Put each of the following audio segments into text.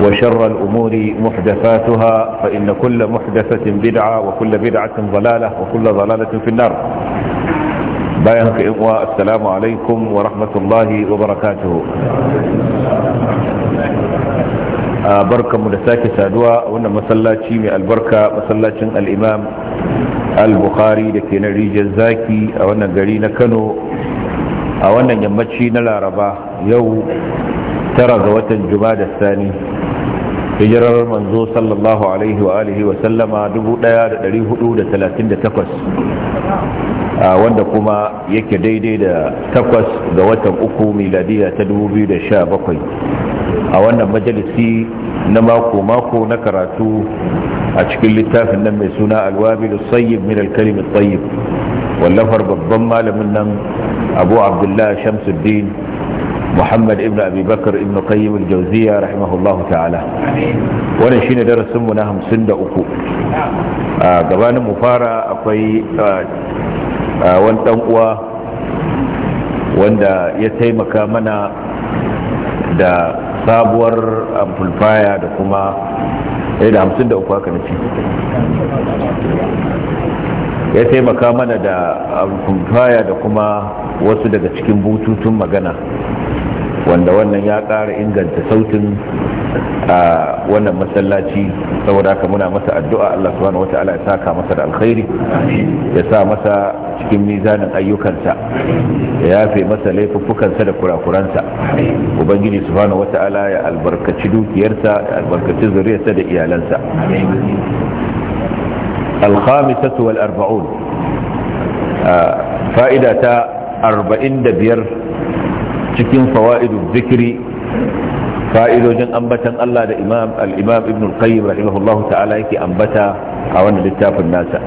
وشر الأمور محدثاتها فإن كل محدثة بدعة وكل بدعة ضلالة وكل ضلالة في النار بايانك إخوة السلام عليكم ورحمة الله وبركاته بركة مدساك سادوا وأن مسلاتي من البركة مسلاتي الإمام البخاري لكي نريج الزاكي وأن قرينا كانوا وأن يمتشي نلا رباه يوم tara ga watan jumada sani hijirar manzo sallallahu alaihi wa alihi wa sallama 1438 wanda kuma yake daidai da takwas ga watan uku miladiya ta 2017 a wannan majalisi na mako-mako na karatu a cikin littafin nan mai suna alwabilu tsayyib min alkalimin tsayyib wallafar babban malamin nan abu Abdullahi shamsuddin muhammad ibn abi bakar ibn qayyim al-jawziya rahimahullahu ta'ala wannan shine darasin mu na 53 gabanin mu fara akwai wani dan uwa wanda ya taimaka mana da sabuwar amplifier da kuma 153 eh, haka na ce ya taimaka mana da amplifier da kuma wasu daga cikin bututun magana wanda wannan ya ƙara inganta sautin a wannan masallaci saboda haka muna masa addu'a Allah subhanahu ta'ala ya saka masa da alkhairi ya sa masa cikin mizanin ayyukansa ya yafe masa laifuffukansa da kurakuransa ubangiji subhanahu ta'ala ya albarkaci dukiyarsa ya albarkaci zuriyarsa da iyalansa fa'ida ta arba'in da biyar. cikin fawa'idu zikiri fa'idojin ambatan Allah da imam al-imam ibn al-qayyim rahimahullahu ta'ala yake ambata a wannan littafin nasa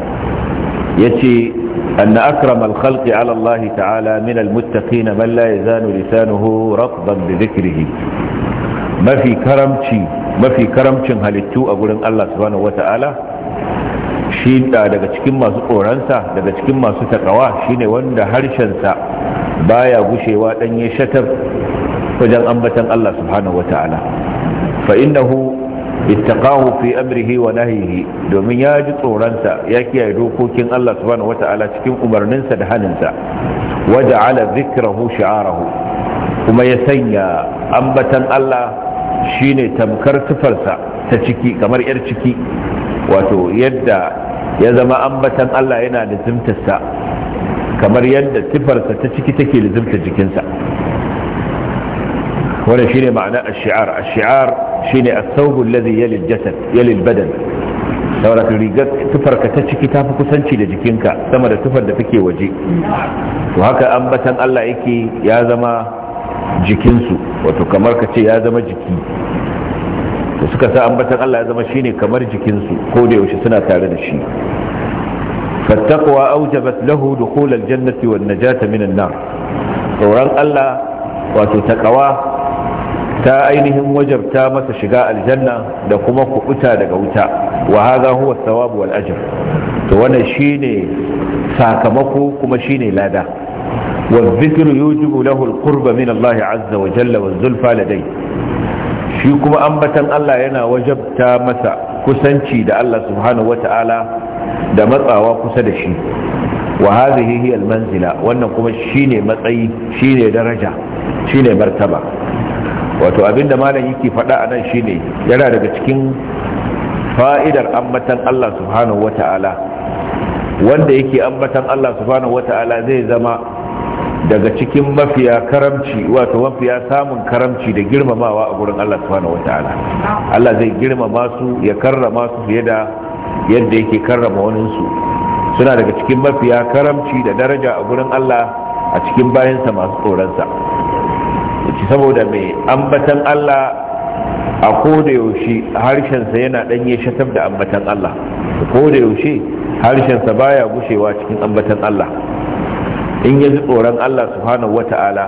yace anna akram al-khalqi ala Allah ta'ala min al-muttaqin man la yazanu lisanuhu ratban bi dhikrihi mafi karamci mafi karamcin halittu a gurin Allah subhanahu wa ta'ala shi daga cikin masu tsoronsa daga cikin masu takawa shine wanda harshensa baya gushewa danye shatar wajen ambatan Allah subhanahu ta'ala. fa innahu ittaqahu fi amrihi wa nahyihi domin ya ji tsoronsa ya kiyaye dokokin Allah subhanahu ta'ala cikin umarninsa da haninsa waja'ala dhikrahu shi'arahu kuma ya sanya ambatan Allah shine tamkar tufarsa ta ciki kamar yar ciki wato yadda ya zama ambatan Allah yana da zimtarsa kamar yadda sifarsa ta ciki take lizimta jikinsa wanda shine ma'ana a shiar a shiar shine as-sawbu alladhi yali al-jasad yali badan saboda rigar tufarka ta ciki tafi kusanci da jikinka sama da tufar da take waje to haka ambatan Allah yake ya zama jikinsu wato kamar ka ce ya zama jiki to suka sa ambatan Allah ya zama shine kamar jikinsu ko da yaushe suna tare da shi fattaqwa aujabat lahu dukhul aljannati wan najata min an-nar tsoron Allah wato taqwa ta ainihin wajabta masa shiga aljanna da kuma kubuta daga wuta wa hadha huwa to wannan shine sakamako kuma shine lada والذكر يوجب له القرب من الله عز وجل والزلفى لديه shi kuma ambatan Allah yana wajabta masa kusanci da Allah subhanahu wata'ala da matsawa kusa da shi wa hadhihi hiya almanzila wannan kuma shine matsayi shine daraja shine martaba wato abinda malam yake faɗa anan nan shine yana daga cikin fa'idar ambatan Allah subhanahu wata'ala wanda yake ambatan Allah subhanahu wata'ala zai zama daga cikin mafiya karamci wato mafiya samun karamci da girmamawa a gurin Allah subhanahu wata'ala Allah zai girmama su ya karrama su fiye da yadda yake karrama waninsu suna daga cikin mafiya karamci da daraja a gurin Allah a cikin bayansa masu tsoronsa saboda mai ambatan Allah a kodayaushe harshensa yana ɗanye shatar da ambatan Allah kodayaushe harshensa baya gushewa cikin ambatan Allah in ya ji tsoron Allah subhanahu wata'ala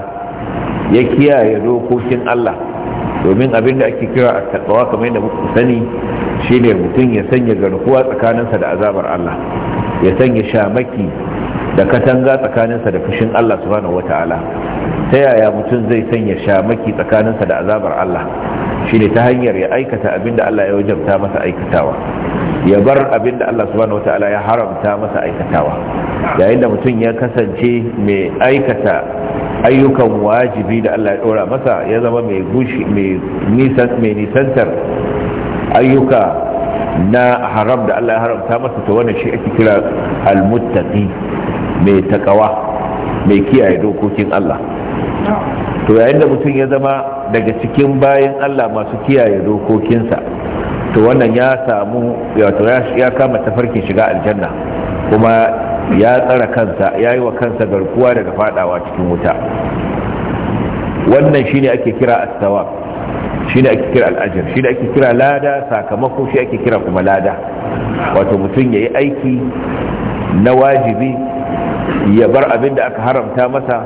ya kiyaye dokokin Allah domin abin da ake kira a taɓawa kamar yadda muku sani shine mutum ya sanya garkuwa tsakaninsa da azabar Allah ya sanya shamaki da katanga tsakaninsa da fushin Allah subhanahu ta yaya mutum zai sanya shamaki tsakaninsa da azabar Allah shine ta hanyar ya aikata abin da Allah ya wajabta masa aikatawa ya bar abin da Allah subhanahu ya haramta masa aikatawa yayin da mutum ya kasance mai aikata ayyukan wajibi da Allah ya dora masa ya zama mai nisantar ayyuka na haram da Allah ya haramta masa to wannan shi ake kira almuttaqi mai takawa mai kiyaye dokokin Allah to yayin da mutum ya zama daga cikin bayan Allah masu kiyaye dokokinsa to wannan ya samu ya kama tafarkin shiga aljanna kuma ya tsara kansa ya yi wa kansa garkuwa daga fadawa cikin wuta wannan shine ake kira as shi da ake kira al'ajar shi ake kira lada sakamako shi ake kira kuma lada wato mutum ya yi aiki na wajibi ya bar abin da aka haramta masa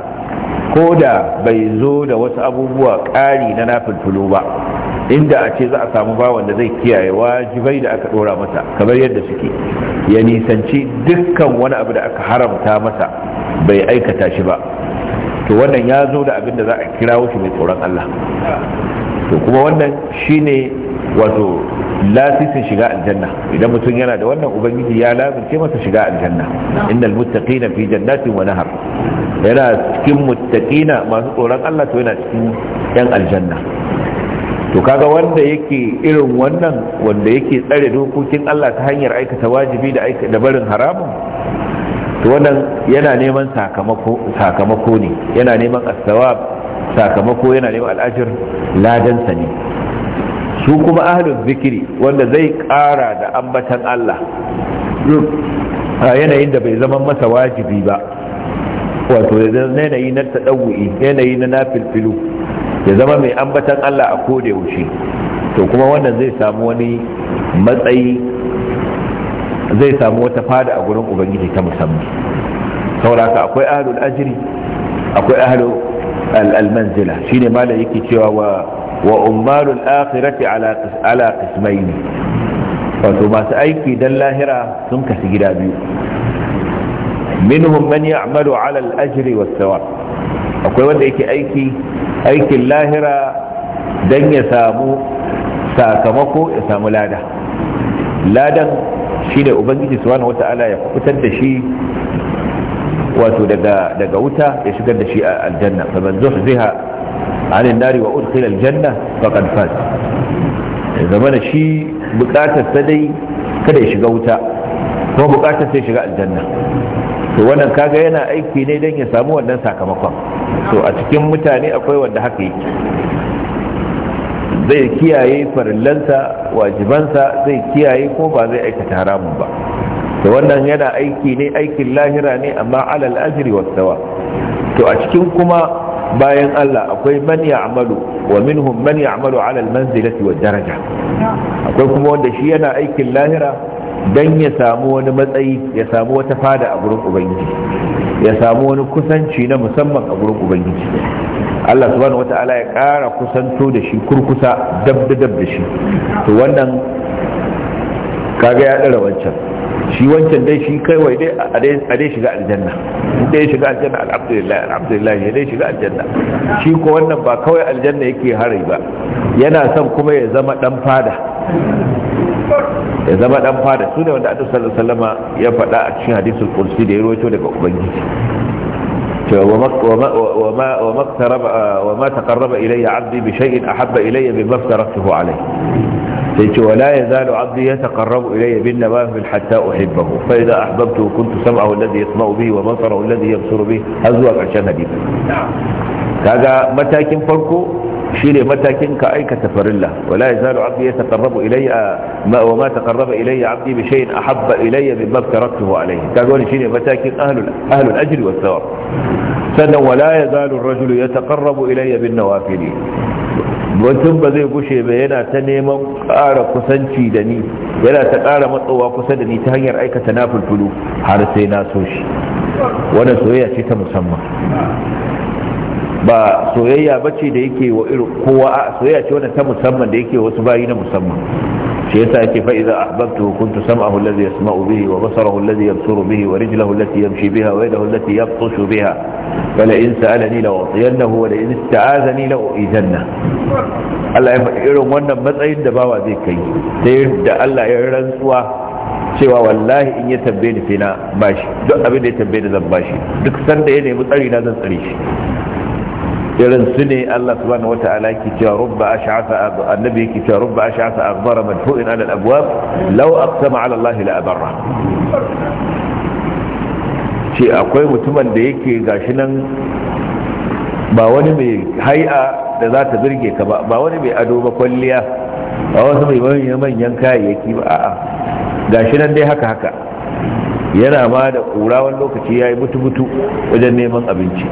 ko da bai zo da wasu abubuwa ƙari na nafin ba inda a ce za a samu bawan da zai kiyaye wajibai da aka dora masa kamar yadda suke ya nisanci dukkan wani abu da aka haramta masa bai aikata shi ba to wannan ya zo da abin da za a kira shi mai tsoron Allah to kuma wannan shine wato lasisin shiga aljanna idan mutum yana da wannan ubangiji ya lamince masa shiga aljanna innal muttaqina fi jannatin wa nahar yana cikin muttaqina masu tsoron Allah to yana cikin yan aljanna to kaga wanda yake irin wannan wanda yake tsare dokokin Allah ta hanyar aikata wajibi da aika da barin haramun to wannan yana neman sakamako sakamako ne yana neman as-sawab sakamako yana neman al'ajir ladansa ne su kuma ahlul zikiri wanda zai kara da ambatan Allah a yanayin da bai zama masa wajibi ba wato yanayi na taɗawu'i yanayi na nafilfilu ya zama mai ambatan Allah a koda yaushe to kuma wannan zai samu wani matsayi zai samu wata fada a gurin ubangiji ta musamman sauraka akwai ahlul ajiri akwai ahlul al-manzila shine malai yake cewa wa umarul ummalul akhirati ala ala qismaini wato masu aiki dan lahira sun kasu gida biyu minhum man ya'malu ala al-ajri was-sawab akwai wanda yake aiki aikin lahira dan ya samu sakamako ya samu lada ladan shi ne ubangiji subhanahu wata'ala ya fitar da shi wato daga wuta ya shigar da shi a aljanna fa man zuhziha an nari wa udkhila aljanna faqad faz zamana shi bukatar ta dai kada ya shiga wuta ko bukatar sai shiga aljanna to wannan kaga yana aiki ne dan ya samu wannan sakamakon to a cikin mutane akwai wanda haka yake zai kiyaye farillansa wajibansa zai kiyaye ko ba zai aikata haramun ba to wannan yana aiki ne aikin lahira ne amma alal ajri wasawa to a cikin kuma bayan Allah akwai man ya'malu wa minhum man ya'malu ala manzilati wad daraja akwai kuma wanda shi yana aikin lahira dan ya samu wani matsayi ya samu wata fada a gurin ubangiji ya samu wani kusanci na musamman a gurin ubangiji Allah subhanahu wata'ala ya kara kusanto da shi kurkusa dab da dab da shi to wannan kaga ya ɗara wancan shi wancan dai shi kai wai dai a dai shiga aljanna dai shiga aljanna alhamdulillah alhamdulillah ya dai shiga aljanna shi ko wannan ba kawai aljanna yake hari ba yana son kuma ya zama dan fada ya zama dan fada su ne wanda Annabi sallallahu alaihi wasallama ya faɗa a cikin hadisul kursi da ya rawaito daga ubangiji to wa wa wa ma ma ma وما وما اقترب وما تقرب الي عبدي بشيء احب الي مما افترضته alayhi سيدي ولا يزال عبدي يتقرب إلي بالنوافل حتى أحبه فإذا أحببته كنت سمعه الذي يسمع به وبصره الذي يبصر به أزواج عشان هديه هذا متى كن فرقه شيري متى كنك تفر الله ولا يزال عبدي يتقرب إلي وما تقرب إلي عبدي بشيء أحب إلي مما افترقته عليه تقول شيري متى كن أهل, أهل الأجل والثواب فلا ولا يزال الرجل يتقرب إلي بالنوافل mutum ba zai gushe ba yana ta neman ƙara kusanci da ni yana ta ƙara matsowa kusa da ni ta hanyar aikata na fulfulu har sai na so shi wannan soyayya ce ta musamman ba soyayya ba ce da yake wa irin kowa a soyayya ce wannan ta musamman da yake wasu bayi na musamman shi yasa yake fa idza ahbabtu kuntu sam'ahu alladhi yasma'u bihi wa basarahu alladhi yabsuru bihi wa rijlahu allati yamshi biha wa yadahu allati yabtashu biha wa la in sa'alani la utiyannahu wa la in ista'azani la u'idanna Allah ya faɗi irin wannan matsayin da bawa zai kai sai da Allah ya rantsuwa cewa wallahi in ya tambaye ni fina bashi duk abin da ya tambaye ni zan bashi duk sanda ya nemi tsari na zan tsare shi irin su ne Allah subhanahu ta'ala ki cewa rubba ash'asa annabi ki cewa rubba ash'asa aghbara madhu'in 'ala al-abwab law aqsama 'ala Allah la abarra ce akwai mutumin da yake gashi nan ba wani mai hai'a da za ta birge ka ba ba wani mai ado ba kwalliya ba wasu mai manyan manyan kayayyaki ba a'a gashi nan dai haka haka yana ma da ƙura wani lokaci ya yi mutu-mutu wajen neman abinci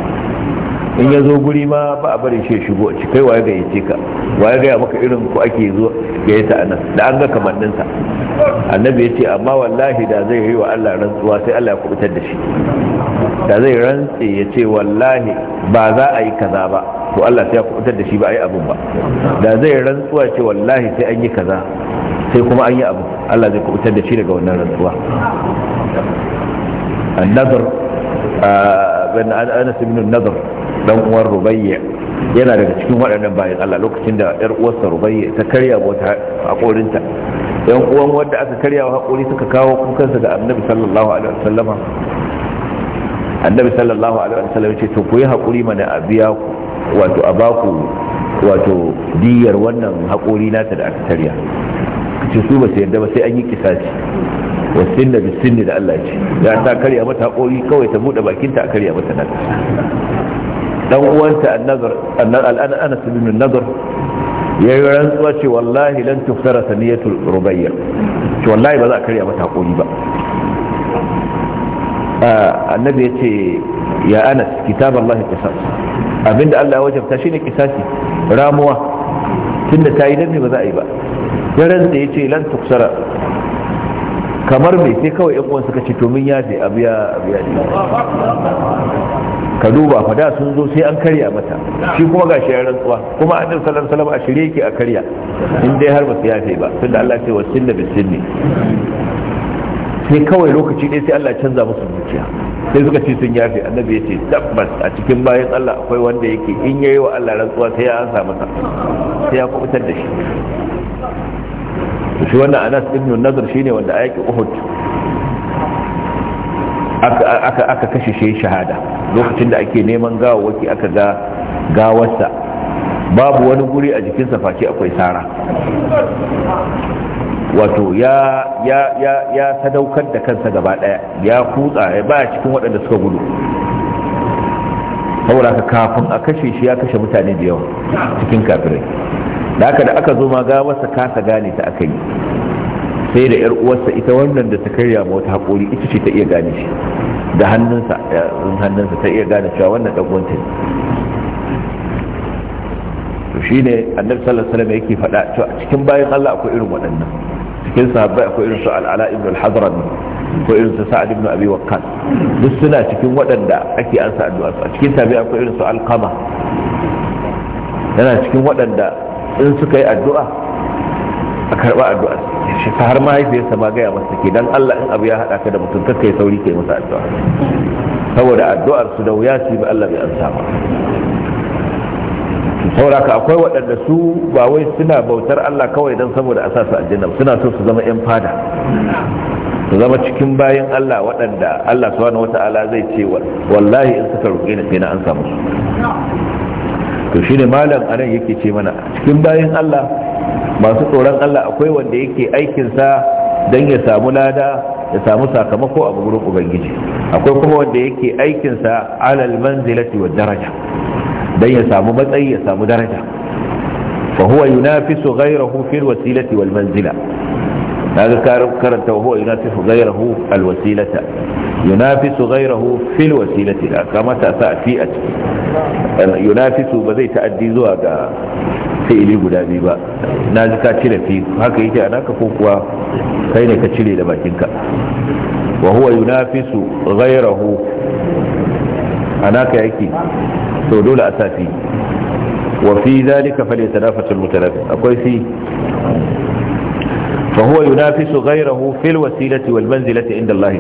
in ya zo guri ma ba a bari shi shigo a cikai waye ga yace ka waye ga maka irin ku ake zo ga yata anan da an ga kamannin sa annabi yace amma wallahi da zai yi wa Allah rantsuwa sai Allah ya kubutar da shi da zai rantse yace wallahi ba za a yi kaza ba to Allah sai ya kubutar da shi ba a yi abun ba da zai rantsuwa ce wallahi sai an yi kaza sai kuma an yi abu Allah zai kubutar da shi daga wannan rantsuwa النذر anas ibn an النذر dan uwan rubayya yana daga cikin waɗannan bayan Allah lokacin da yar uwarsa rubayya ta karya wata haƙorinta yan uwan wanda aka karya wa haƙori suka kawo kukansa ga annabi sallallahu alaihi wasallam annabi sallallahu alaihi wasallam ce to koyi yi mana a biya ku wato a baku wato diyar wannan haƙori nata da aka karya ce su ba su yarda ba sai an yi kisaci wasin da bisin da Allah ce da ta karya mata haƙori kawai ta bude bakinta a karya mata nan dan uwanta annazar al'ana bin nazar ya yi rantsuwa ce wallahi lan tuftara saniyatul rubayya ce wallahi ba za a karya mata hakuri ba annabi ya ce ya anas kitab Allah kisas abinda Allah ya wajabta shine kisasi ramuwa tunda ta yi danne ba za a yi ba ya rantsa ya ce lan tuksara kamar me sai kawai yan uwan suka ce to min yafe abiya abiya ka duba fa da sun zo sai an karya mata shi kuma ga shi rantsuwa kuma annabi sallallahu alaihi wasallam a shirye yake a karya in dai har ba su yafe ba tunda Allah ya ce wasin da bisinni sai kawai lokaci ɗaya sai Allah canza musu zuciya sai suka ce sun yafe annabi ya ce tabbas a cikin bayan Allah akwai wanda yake in yayi wa Allah rantsuwa sai ya ansa masa sai ya kubutar da shi shi wannan Anas ibn Nadr shine wanda a yake Uhud aka kashe shi shahada lokacin da ake neman gawawaki aka ga gawarsa babu wani guri a jikinsa face akwai sara wato ya sadaukar da kansa gaba daya ya kutsa ya baya cikin waɗanda suka gudu saboda ka kafin a kashe shi ya kashe mutane da yawa cikin kafirai da aka da aka zo ma gawarsa kasa gane ta aka yi sai da yar uwarsa ita wannan da ta karya ma wata hakori ita ce ta iya gane shi da hannunsa hannunsa ta iya gane cewa wannan dan uwanta ne to shine annabi sallallahu alaihi wasallam yake faɗa a cikin bayan Allah akwai irin waɗannan cikin sahabbai akwai irin su al-ala ibn al hadran ko irin su sa'ad ibn abi waqqas duk suna cikin waɗanda ake ansa addu'a a cikin tabi akwai irin su al-qama yana cikin waɗanda in suka yi addu'a a karɓa addu'a shi har mahaifiyarsa ma gaya masa ke dan Allah in abu ya hada ka da mutum kakka sauri kai masa addu'a saboda addu'ar su da wuya su ba Allah bai amsa ba saboda ka akwai waɗanda su ba wai suna bautar Allah kawai dan saboda a sa su aljanna suna so su zama yan fada su zama cikin bayan Allah waɗanda Allah subhanahu wata'ala zai ce wallahi in suka roƙe ni sai an samu to shine malam anan yake ce mana cikin bayan Allah masu tsoron Allah akwai wanda yake aikinsa don ya samu lada ya samu sakamako a gurin ubangiji akwai kuma wanda yake aikinsa alal manzilati wa daraja don ya samu matsayi ya samu daraja fa huwa yunafisu ghayrahu fil wasilati wal manzila kaga karanta huwa yunafisu ghayrahu al wasilata yunafisu ghayrahu fil wasilati kamata sa fi a cikin. yunafisu ba zai ta'addi zuwa ga fi'ili guda biyu ba na ji ka cire fi haka yake anaka ko kuwa kai ne ka cire da bakinka wa huwa yunafisu ghayrahu anaka yake to dole a safi wa fi zalika falyatanafasul mutanafis akwai fi su فهو ينافس غيره في الوسيلة والمنزلة عند الله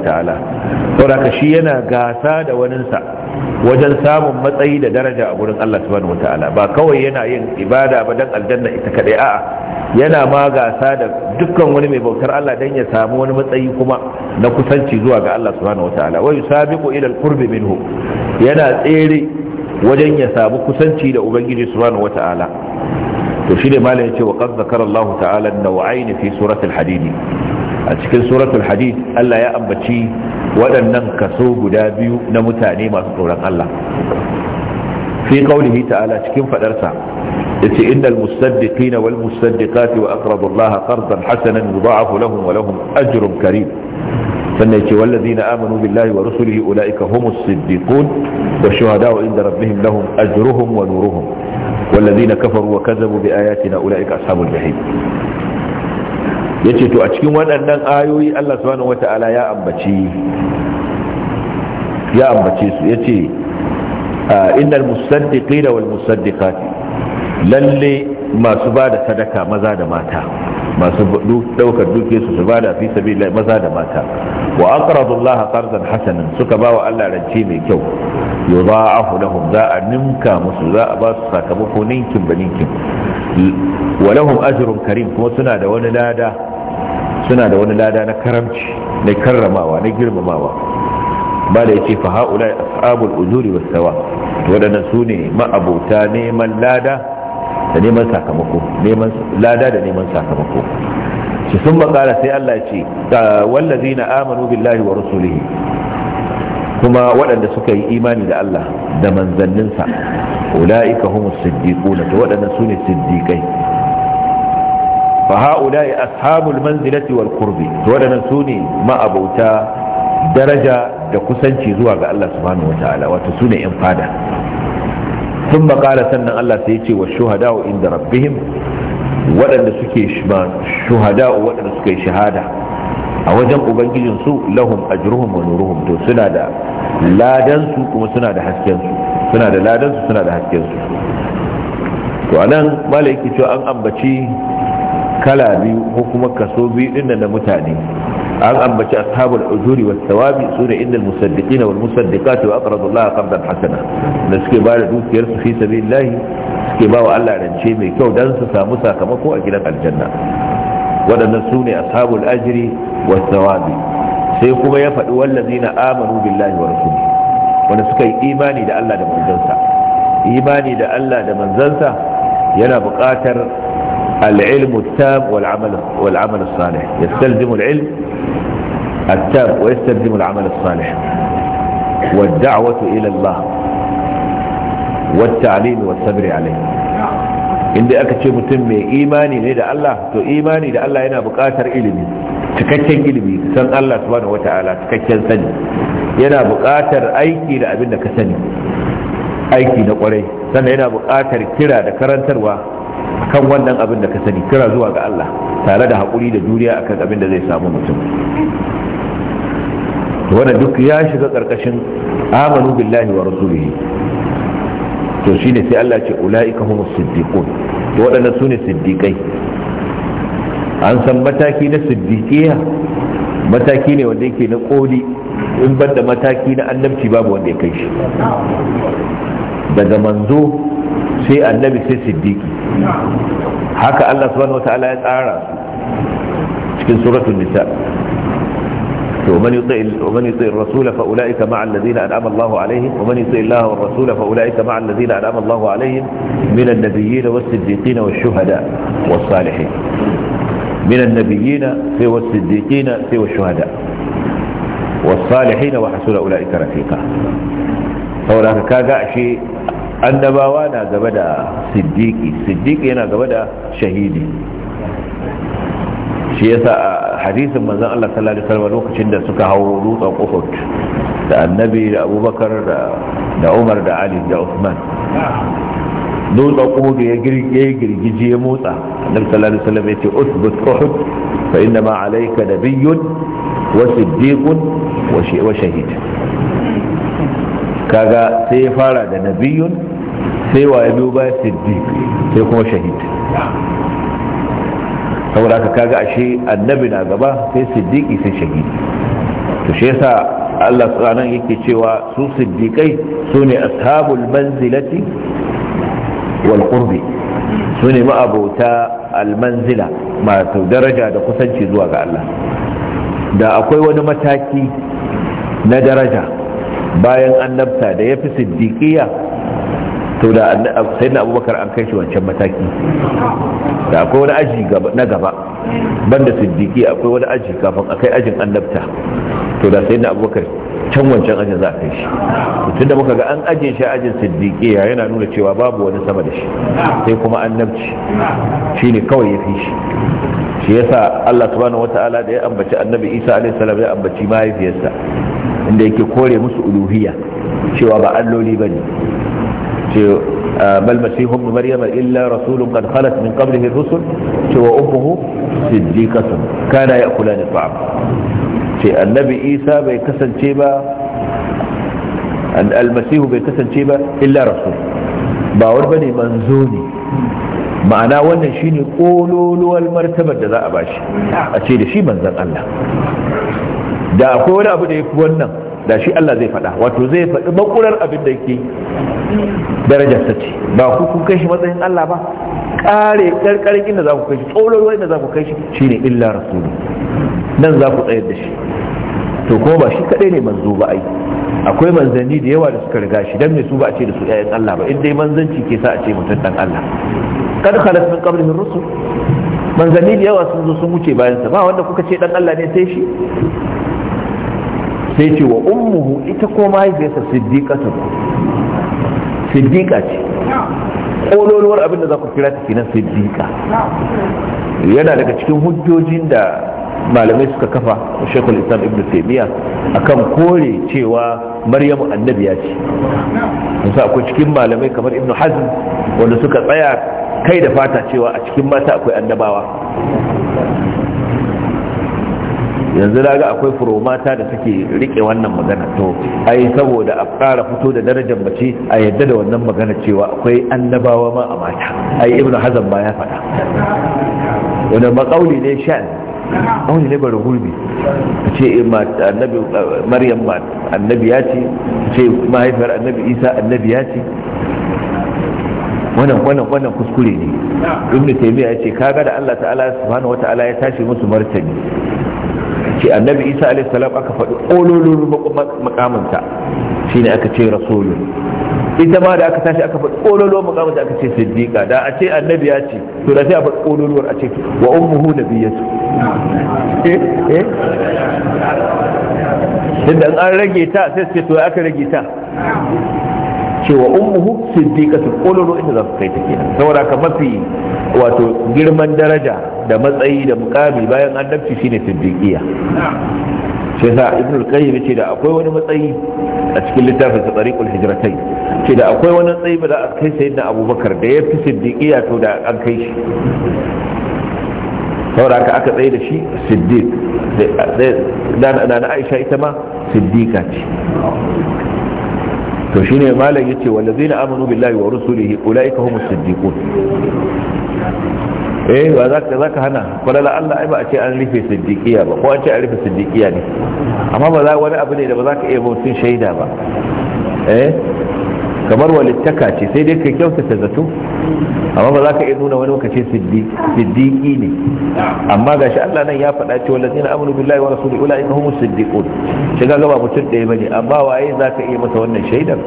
shi yana gasa da waninsa. wajen samun matsayi da daraja a gurin Allah subhanahu wataala ba kawai yana yin ibada ba dan aljanna ita kadai a'a yana ma gasa da dukkan wani mai bautar Allah dan ya samu wani matsayi kuma na kusanci zuwa ga Allah subhanahu wataala wa yusabiqu ila alqurbi minhu yana tsere wajen ya samu kusanci da ubangiji subhanahu wataala to shine malam yace wa qad zakara Allah ta'ala an-naw'ain fi suratul hadid a cikin suratul hadid Allah ya ambaci waɗannan kaso guda biyu na mutane masu tsoron Allah fi qaulihi ta'ala cikin fadarsa yace innal musaddiqina wal musaddiqati wa aqradu Allah qardan hasanan yudha'afu lahum wa lahum ajrun karim sannan yace wallazina amanu billahi wa rusulihi ulaika humus siddiqun wa shuhada'u inda rabbihim lahum ajruhum wa nuruhum والذين كفروا وكذبوا بآياتنا أولئك أصحاب الجحيم ya ce to a cikin waɗannan ayoyi Allah subhanahu wata'ala ya ambaci ya ambace su ya ce innal da wal musaddika, lalle masu ba da sadaka maza da mata masu ɗaukar duke su su bada fi sabila maza da mata wa aqradu Allah qardan hasanan suka ba wa Allah rance mai kyau yudha'afu lahum za a ninka musu za a ba su sakamako ninkin ba ninkin wa ajrun karim kuma suna da wani lada suna da wani lada na karamci na karramawa na girmamawa ba da yace fa haula ashabul ujuri was sawa su ne ma'abota neman lada da neman sakamako neman lada da neman sakamako shi sun makara sai Allah ya ce wallazina amanu billahi wa rasulihi kuma waɗanda suka yi imani da Allah da manzanninsa ula'ika humus siddiquna to waɗannan su ne siddiqai fa haula'i ashabul manzilati wal qurbi to wadannan sune ma'abauta daraja da kusanci zuwa ga Allah subhanahu wataala yan fada tun makala sannan Allah sai ce wa shuhada'u inda rabbihim waɗanda suke shuhada'u waɗanda suke shahada a wajen ubangijinsu lahum ajruhum wa to suna da ladansu kuma suna da haskensu suna da ladansu suna to an ambaci kala biyu ko kuma kaso biyu din da mutane an ambaci ashabul ujuri was thawabi inda innal musaddiqina wal musaddiqati wa aqradu Allah qardan hasana da suke ba da dukiyar su fi suke ba wa Allah rance mai kyau dan su samu sakamako a gidan aljanna wadannan sune ashabul ajri was thawabi sai kuma ya faɗi wallazina amanu billahi wa rasulihi wanda suka yi imani da Allah da manzansa imani da Allah da manzansa yana buƙatar العلم التام والعمل والعمل الصالح يستلزم العلم التام ويستلزم العمل الصالح والدعوة إلى الله والتعليم والصبر عليه inda aka ce mutum mai imani ne da Allah to imani da Allah yana buƙatar ilimi cikakken ilimi san Allah subhanahu wata'ala cikakken sani yana buƙatar aiki da abin da ka sani aiki na kwarai sannan yana buƙatar kira da karantarwa kan wannan abin da ka sani kira zuwa ga Allah tare da hakuri da juriya akan abin da zai samu mutum wannan duk ya shiga ƙarƙashin amanu billahi wa rasulihi to shi ne sai Allah ce ula'ika humus siddiqun to waɗannan sune siddiqai an san mataki na siddiqiya mataki ne wanda yake na ƙoli? in banda mataki na annabci babu wanda ya kai shi daga manzo sai annabi sai siddiqi haka Allah subhanahu wata'ala ya tsara cikin suratul nisa to man yuti man yuti ar-rasul fa ulaika ma'a alladhina an'ama Allahu alaihim wa man yuti Allah war-rasul fa ulaika ma'a alladhina an'ama Allahu alaihim min an-nabiyyin was-siddiqin wash-shuhada was-salihin من النبيين سوى الصديقين سوى الشهداء والصالحين وحسن أولئك رفيقا saboda haka kaga ashe annabawa na gaba da siddiqi siddiqi yana gaba da shahidi shi yasa a hadisin manzon Allah sallallahu alaihi wasallam lokacin da suka hawo dutsen Uhud da annabi da Abubakar da da Umar da Ali da Uthman dutsen Uhud ya girge girgije ya motsa annabi sallallahu alaihi wasallam yace uthbut Uhud fa inna ma alayka nabiyyun wa siddiqun wa shahid kaga sai ya fara da nabiyun sai wa ya biyo baya siddiq sai kuma shahid saboda haka kaga ashe annabi na gaba sai siddiqi sai shahid to shi yasa Allah tsanan yake cewa su siddiqai su ne ashabul manzilati wal qurbi su ne ma'abota almanzila masu daraja da kusanci zuwa ga Allah da akwai wani mataki na daraja bayan annabta da ya fi siddiƙiya to da sayyidina abubakar an kai shi wancan mataki da akwai wani aji na gaba banda siddiqi akwai wani aji kafin akai ajin annabta to da sayyidina abubakar can wancan ajin za a kai shi tun da muka ga an aje shi ajin siddiqi ya yana nuna cewa babu wani sama da shi sai kuma annabci shine kawai ya fi shi shi yasa Allah subhanahu wataala da ya ambaci annabi Isa alaihi salam ya ambaci mahaifiyarsa inda yake kore musu uluhiyya cewa ba alloli bane ce bal masihu maryam illa rasulun qad khalat min qablihi rusul ce wa ummuhu siddiqatun kana ya'kulani ta'am ce annabi isa bai kasance ba almasihu bai kasance ba illa rasul ba wani manzo ne ma'ana wannan shine kololuwar martabar da za a bashi a ce da shi manzan Allah da akwai wani abu da ya fi wannan da shi Allah zai faɗa wato zai faɗi makurar abin da yake darajar ta ce ba ku kun kai shi matsayin Allah ba kare karkarin inda za ku kai shi tsolon inda za ku kai shi shine illa ne nan za ku tsayar da shi to kuma ba shi kadai ne manzo ba ai akwai manzanni da yawa da suka riga shi dan me su ba a ce da su ƴaƴan Allah ba in dai manzanci ke sa a ce mutum dan Allah kad khalas min qablihi rusul manzanni da yawa sun zo sun wuce bayan sa ba wanda kuka ce dan Allah ne sai shi sai ce wa ummuhu ita ko mahaifiyarsa siddiqatu siddiqa ce kololuwar abin da za ku kira ta kenan siddiqa yana daga cikin hujjojin da malamai suka kafa shekul islam ibn taymiya akan kore cewa maryamu annabiya ce musa akwai cikin malamai kamar ibn hazm wanda suka tsaya kai da fata cewa a cikin mata akwai annabawa yanzu na ga akwai furomata da suke rike wannan magana to ai saboda a ƙara fito da darajar mace a yadda da wannan magana cewa akwai annabawa ma a mata ai ibnu hazan ba ya faɗa wanda makauli ne shan kauli ne bari gurbi ce eh, annabi maryam ma annabi ya ce ce mahaifiyar annabi isa annabi ya ce wannan wannan wannan kuskure ne ibnu taymiya ya ce kaga da Allah ta'ala subhanahu wata'ala ya tashi musu martani ce annabi isa alaihi salam aka faɗi ƙololin shi shine aka ce rasulun ita ma da aka tashi aka faɗi ƙololo makamanta aka ce siddiqa da a ce annabi ya ce to da sai a faɗi ƙololuwar a ce wa ummuhu nabiyatu eh eh an rage ta sai sai to aka rage ta cewa ummuhu siddiqatu qululu ita za su kai take saboda ka mafi wato girman daraja da matsayi da mukami bayan annabci shine siddiqiya sai yasa ibn al-qayyim ce da akwai wani matsayi a cikin littafin sa tariqul hijratai ce da akwai wani matsayi ba za a kai sayyidina abubakar da yafi siddiqiya to da an kai shi saboda ka aka tsaye da shi siddiq da na aisha ita ma siddiqa ce to shine malam yace wallazina amanu billahi wa rusulihi ulaika humus siddiqun eh ba za ka zaka hana kwalala Allah ai ba a ce an rufe siddiqiya ba ko an ce an rufe siddiqiya ne amma ba za wani abu ne da ba za ka iya mutum shaida ba eh kamar walittaka ce sai dai ka kyautata zato amma ba za ka iya nuna wani lokaci siddiqi ne amma gashi Allah nan ya faɗa cewa lazina amanu billahi wa rasuli ulai ka humus siddiqun shi ga ba mutum ɗaya bane amma waye za ka iya masa wannan shaidar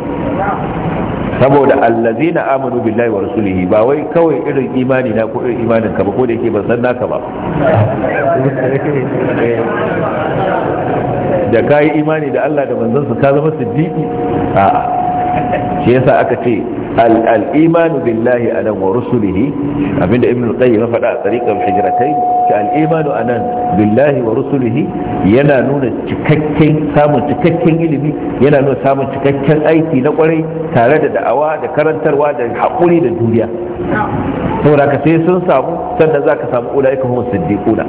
saboda allazina amanu billahi wa rasulihi ba wai kawai irin imani na ko irin imanin ka ba ko da yake ban san naka ba da kayi imani da Allah da manzon sa ka zama siddiqi a'a shi yasa aka ce al-imanu billahi anan wa rusulihi abinda ibn al-qayyim ya faɗa a tsarikan hijratai ta al anan billahi wa rusulihi yana nuna cikakken samun cikakken ilimi yana nuna samun cikakken aiki na kwarai tare da da'awa da karantarwa da haƙuri da juriya saboda ka sai sun samu sannan za ka samu ulaika hum siddiquna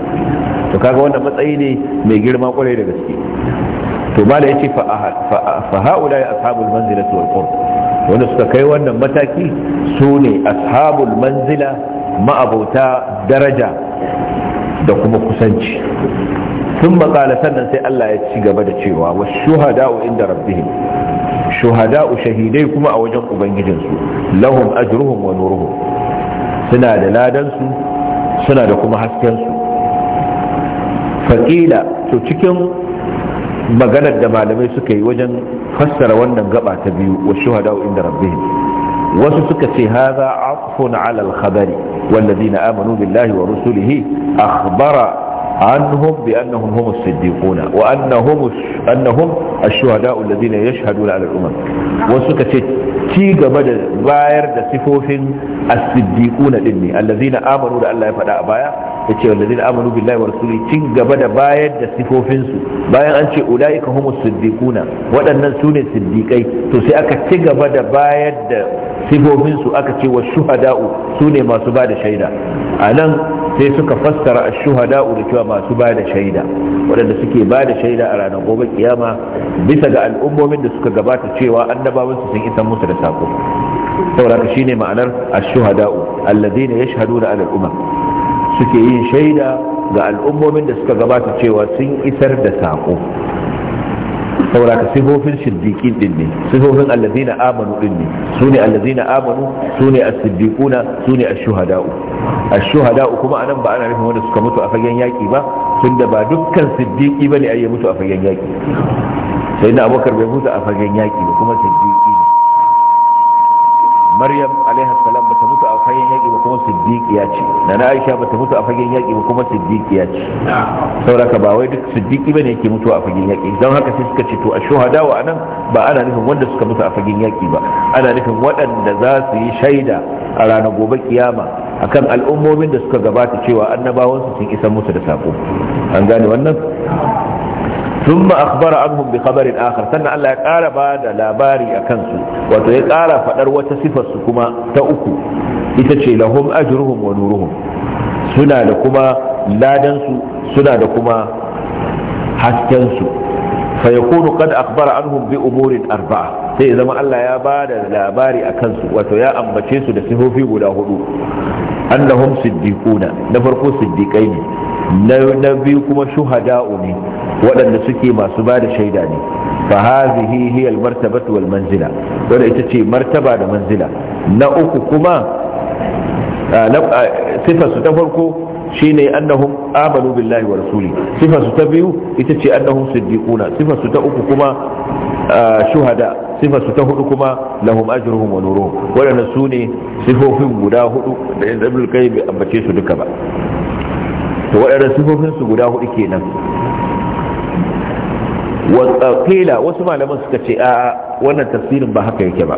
to kaga wannan matsayi ne mai girma kwarai da gaske to mala yace fa fa haula ya ashabul manzilati wal qurb wanda suka kai wannan mataki su ne ashabul manzila ma'abauta daraja da kuma kusanci sun makala sannan sai Allah ya ci gaba da cewa wa shuhada'u inda rabbihim shuhada'u shahidai kuma a wajen ubangijinsu lahum ajruhum wa nuruhum suna da ladansu suna da kuma haskensu faƙila to cikin maganar da malamai suka yi wajen fassara wannan gaɓa ta biyu wa shuhada inda rabbihim wasu suka ce haza aqfun ala al-khabari walladina amanu billahi wa rusulihi akhbara anhum bi annahum hum as-siddiquna wa annahum annahum ash-shuhada alladina yashhaduna ala al-umam wasu suka ce ci gaba da bayar da sifofin as-siddiquna din ne alladina amanu da Allah ya faɗa a baya yace wallazina amanu billahi wa rasuli cin gaba da bayar da sifofinsu bayan an ce ulaika humus siddiquna waɗannan su ne siddiqai to sai aka ci gaba da bayar da sifofin aka ce wa shuhada'u su ne masu ba da shaida nan sai suka fassara ash-shuhada'u da cewa masu ba da shaida waɗanda suke ba da shaida a ranar gobe kiyama bisa ga al'ummomin da suka gabata cewa su sun isa musu da sako saboda shine ma'anar ash-shuhada'u alladhina yashhaduna 'ala al-umam suke yin shaida ga al'ummomin da suka gabata cewa sun isar da saƙo sauraka sifofin siddiqin din ne sifofin allazina amanu din ne su ne allazina amanu sune as su ne ash-shuhada'u ash-shuhada'u kuma anan ba ana nufin wanda suka mutu a fagen yaƙi ba tunda ba dukkan siddiqi bane a ya mutu a fagen yaƙi. sai na abokar bai mutu a fagen yaƙi ba kuma siddiqi ne maryam alaiha salam ya ce da na aisha ba ta mutu a fagen yaƙi ba kuma ya ce sauraka ba wai duk siddiqi bane yake mutu a fagen yaƙi don haka sai suka ce to a shuhada wa anan ba ana nufin wanda suka mutu a fagen yaƙi ba ana nufin waɗanda za su yi shaida a ranar gobe kiyama akan al'ummomin da suka gabata cewa annabawansu sun isa musu da sako an gane wannan ثم أخبر عنهم بخبر آخر سنة الله قال بعد لا باري أكنسو وتقال su kuma ta تأكو ita ce lahum ajruhum wa nuruhum suna da kuma ladansu suna da kuma haskensu fa yakunu qad akhbara anhum bi umurin arba'a sai zama Allah ya ba da labari a kansu wato ya ambace su da sifofi guda hudu annahum siddiquna na farko siddiqai ne na biyu kuma shuhada'u ne waɗanda suke masu ba da shaida ne fa hazihi hiya al-martabatu wal manzila wanda ita ce martaba da manzila na uku kuma sifar su ta farko shine annahun amanu billahi wa rasuli sifar su ta biyu ita ce annahun siddiquna sifar su ta uku kuma shuhada sifar su ta hudu kuma lahum ajruhum wa nuruhum wadannan su ne sifofin guda hudu da yanzu ibn kai bai ambace su duka ba to wadannan sifofin su guda hudu kenan wa qila wasu malaman suka ce a wannan tafsirin ba haka yake ba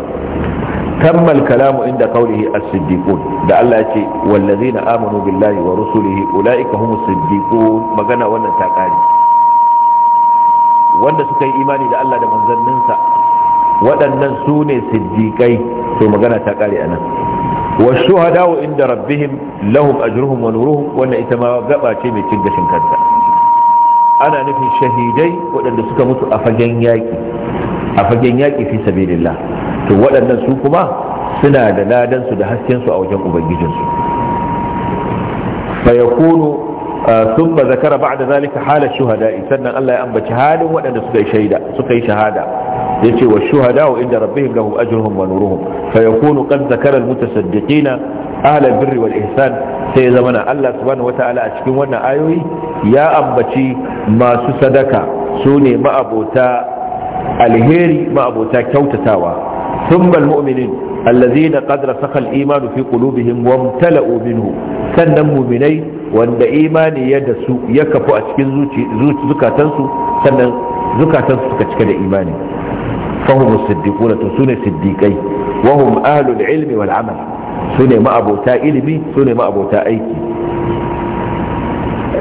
تم الكلام عند قوله الصديقون ده الله يتي والذين آمنوا بالله ورسله أولئك هم الصديقون مغانا وانا تاقاري وانا سكي إيماني ده الله ده منزل ننسى وانا سوني صديقي ثم مغانا تاقاري أنا والشهداء عند ربهم لهم أجرهم ونورهم وانا إتما قبع شيء من تنقش كذا أنا نفي الشهيدي وانا سكي متو أفجن ياكي أفجن ياكي في سبيل الله to waɗannan su kuma suna da ladansu da haskensu a wajen ubangijinsu fa sun ba zakara da zalika hala shuhada sannan Allah ya ambaci halin waɗanda suka yi shaida suka yi shahada yace wa shuhada'u inda rabbihim lahum ajruhum wa nuruhum fa Zakarar qad zakara al-mutasaddiqina birri wal ihsan sai zamana Allah subhanahu wata'ala a cikin wannan ayoyi ya ambaci masu sadaka sune ma'abota alheri ma'abota kyautatawa thumma almu'minin allazina qad rasakha al-iman fi qulubihim wa mtala'u minhu sannan mu'minai wanda imani ya dasu ya kafu a cikin zukatansu sannan zukatansu suka cika da imani فهم الصديقون سنة صديقي وهم أهل العلم والعمل سنة ما أبوتا إلمي سنة ما أبوتا أيكي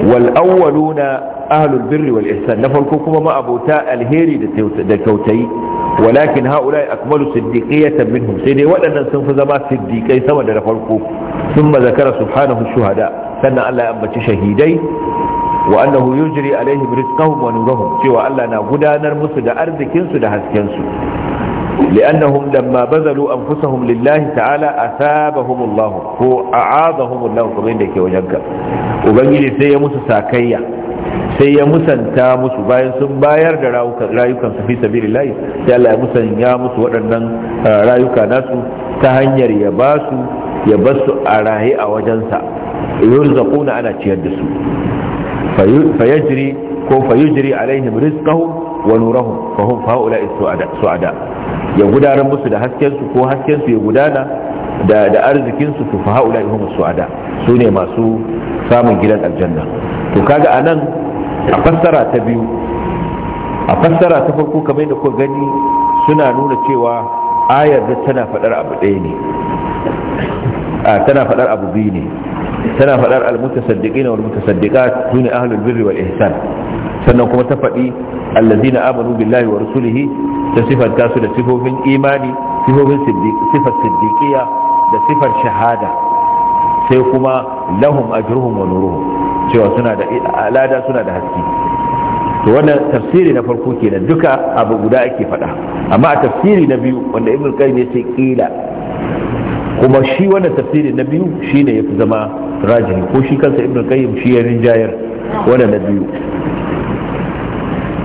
والأولون أهل البر والإحسان نفركم ما أبوتا الهيري دكوتي walakin haula akmalu siddiqiyatan minhum sai dai waɗannan sun fi zama siddiqai sama da na farko sun ma zakara subhanahu shuhada sannan Allah ya ambaci shahidai wa annahu yujri alaihim rizqahum wa nuruhum cewa Allah na gudanar musu da arzikin su da hasken su لأنهم لما بذلوا أنفسهم لله تعالى أثابهم الله هو أعاظهم الله كما عندك وجهك وبنجي سي موسى ساكية sai ya musanta musu bayan sun bayar da rayukan su fi layi sai Allah ya musanya musu waɗannan uh, rayuka nasu ta hanyar ya ba su ya ba su a rahe a wajensa yurzaquna ana ciyar da su fayajri ko fayajri alaihim rizqahum wa nurahum fa hum haula su'ada ya gudanar musu da hasken su ko hasken su ya gudana da da arzikin su fa haula hum su'ada su ne masu samun gidan aljanna to kaga anan a fassara ta biyu a fassara ta farko kamar da ku gani suna nuna cewa ayar da tana faɗar abu ɗaya ne tana faɗar abu biyu ne tana faɗar na almutasaddiqina wal mutasaddiqat sune ahlul birri wa ihsan sannan kuma ta faɗi allazina amanu billahi wa rasulihi ta sifanta su da sifofin imani sifofin sifar siddiqiyya da sifar shahada sai kuma lahum ajruhum wa nuruhum cewa suna da alada suna da haske to wannan tafsiri na farko kenan duka abu guda ake faɗa amma a tafsiri na biyu wanda ibn qayyim yace kila kuma shi wannan tafsiri na biyu shine yafi zama rajihi ko shi kansa ibn qayyim shi ya rinjayar wannan na biyu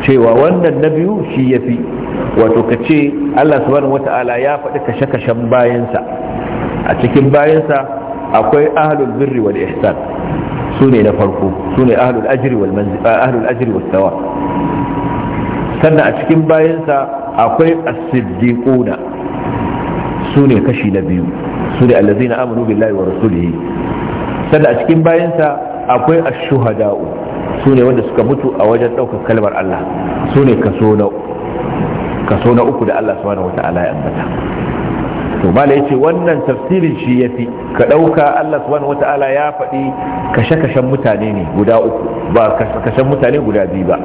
cewa wannan na biyu shi yafi wato ka ce Allah subhanahu wataala ya faɗi kashe-kashen bayansa a cikin bayansa akwai ahlul birri wal ihsan su ne na farko su ne ahlul ajri wal sawa sannan a cikin bayansa akwai as-siddiquna su ne kashi na biyu su ne allazina amanu billahi wa rasulihi sannan a cikin bayansa akwai ash-shuhada'u su ne wanda suka mutu a wajen ɗaukar kalmar Allah su ne kaso na uku da Allah subhanahu ta'ala ya ambata to mala yace wannan tafsirin shi yafi ka dauka Allah subhanahu wataala ya faɗi kashe-kashen mutane ne guda uku ba kashe mutane guda biyu ba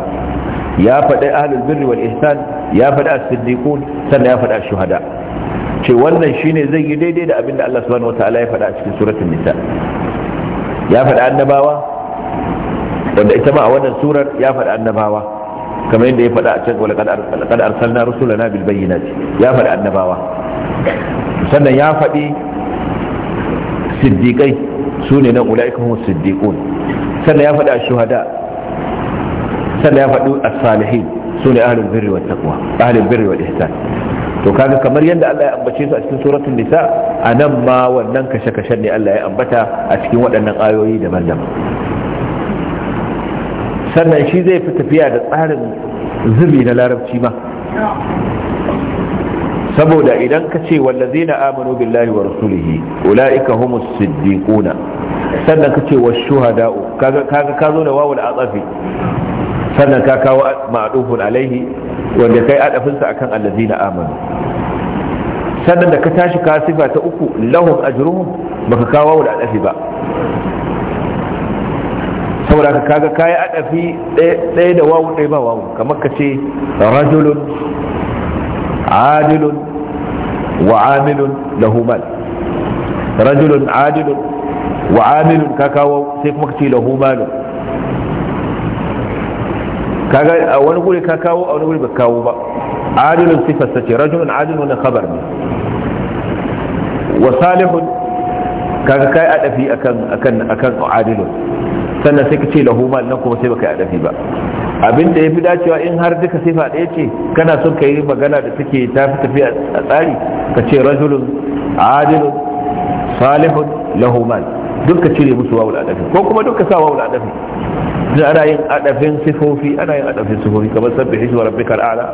ya faɗi ahlul birri wal ihsan ya faɗi as-siddiqun sannan ya faɗi ash-shuhada ce wannan shine zai yi daidai da abinda Allah subhanahu wataala ya faɗa a cikin suratul nisa ya faɗi annabawa wanda ita ma a wannan surar ya faɗi annabawa kamar yadda ya faɗa a can wala qad arsalna rusulana bil bayyinati ya faɗi annabawa sannan ya faɗi siddiƙai su ne nan ula'ikun siddiƙun sannan ya faɗi a shuhada sannan ya faɗi a salihin su ne ahalin birri wa taqwa ahalin birri wa ihsan to kaga kamar yadda Allah ya ambace su a cikin suratul nisa a nan ma wannan kashe-kashen ne Allah ya ambata a cikin waɗannan ayoyi daban-daban sannan shi zai fi tafiya da tsarin zubi na larabci ma saboda idan ka ce wallazina amanu billahi wa rasulihi ulaika humus siddiquna sannan ka ce washuhada'u kaga kaga ka zo da wawul atsafi sannan ka kawo ma'adufun alaihi wanda kai adafinsa akan allazina amanu sannan da ka tashi ka sifa ta uku lahum ajruhum baka kawo wawul adafi ba saboda ka kaga kayi adafi ɗaya da wawu ɗaya ba wawu kamar ka ce rajulun عادل وعامل له مال رجل عادل وعامل كاكاو سيف مكتي له مال kaga a wani guri ka a wani guri ba ba adilun sifarsa ce rajulun adilun na khabar ne wa kaga kai adafi akan akan akan adilun sannan sai kuma sai baka adafi ba abin da ya fi dacewa in har duka sifa ɗaya ce kana son ka yi magana da take ta fi tafiya a tsari ka ce rajulun adilun salihun lahuman duka cire musu wawul adafi ko kuma duka sa wawul adafi ana yin adafin sifofi ana yin adafin sifofi kamar sabbi hiswa rabbikal a'la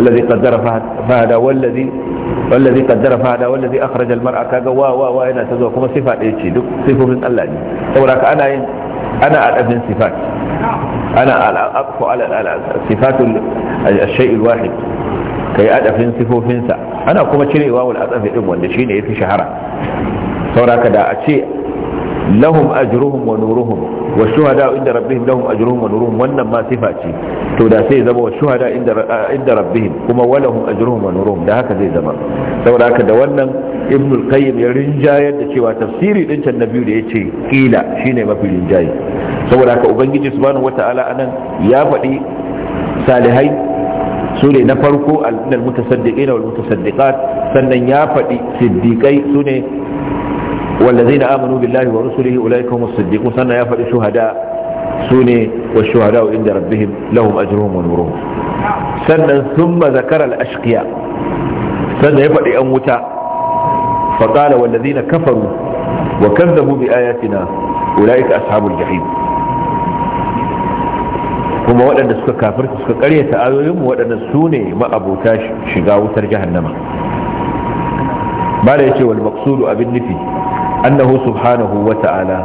alladhi qaddara fahada wallazi wallazi qaddara fahada wallazi akhraja al-mar'a kaga wa wa wa yana tazo kuma sifa ɗaya ce duk sifofin Allah ne saboda ka ana yin ana adafin sifat ana al'aqfu ala sifatul ash-shay' al-wahid kai adafin sifofinsa ana kuma cirewa wal adafi din wanda shine yafi shahara sauraka kada a ce lahum ajruhum wa nuruhum wa shuhada inda rabbihim lahum ajruhum wa nuruhum wannan ma sifa ce to da sai zama wa shuhada inda inda rabbihim kuma walahum ajruhum wa nuruhum da haka zai zama saboda haka da wannan ibn al-qayyim ya rinjayar da cewa tafsiri din can nabiyu da yace kila shine mafi rinjaye saboda haka ubangiji subhanahu wataala anan ya faɗi salihai su ne na farko al-mutasaddiqina wal mutasaddiqat sannan ya faɗi siddiqai su ne والذين آمنوا بالله ورسله أولئك هم الصديقون سنة يفعل شهداء سوني والشهداء عند ربهم لهم أجرهم ونورهم سنة ثم ذكر الأشقياء سنة يفعل أموتا فقال والذين كفروا وكذبوا بآياتنا أولئك أصحاب الجحيم kuma waɗanda suka kafirta suka ƙaryata ayoyinmu waɗanda su ne ma'abota shiga wutar jahannama ba da ya ce wal maksudu abin nufi أنه سبحانه وتعالى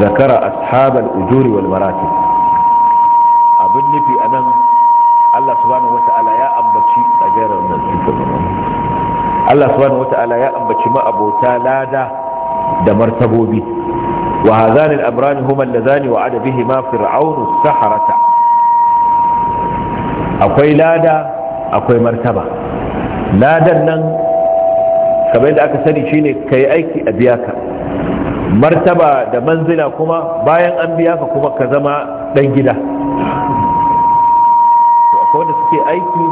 ذكر أصحاب الأجور والمراتب أبن في أنا الله سبحانه وتعالى يا أمبتشي أجار الله سبحانه وتعالى يا أمبتشي ما أبو تالادا دمرتبو به وهذان الأمران هما اللذان وعد بهما فرعون السحرة أقوي لادا أقوي مرتبة ladan nan kamar yadda aka sani shine kai aiki a biya ka martaba da manzila kuma bayan an biya ka kuma ka zama dan gida akwai da suke aiki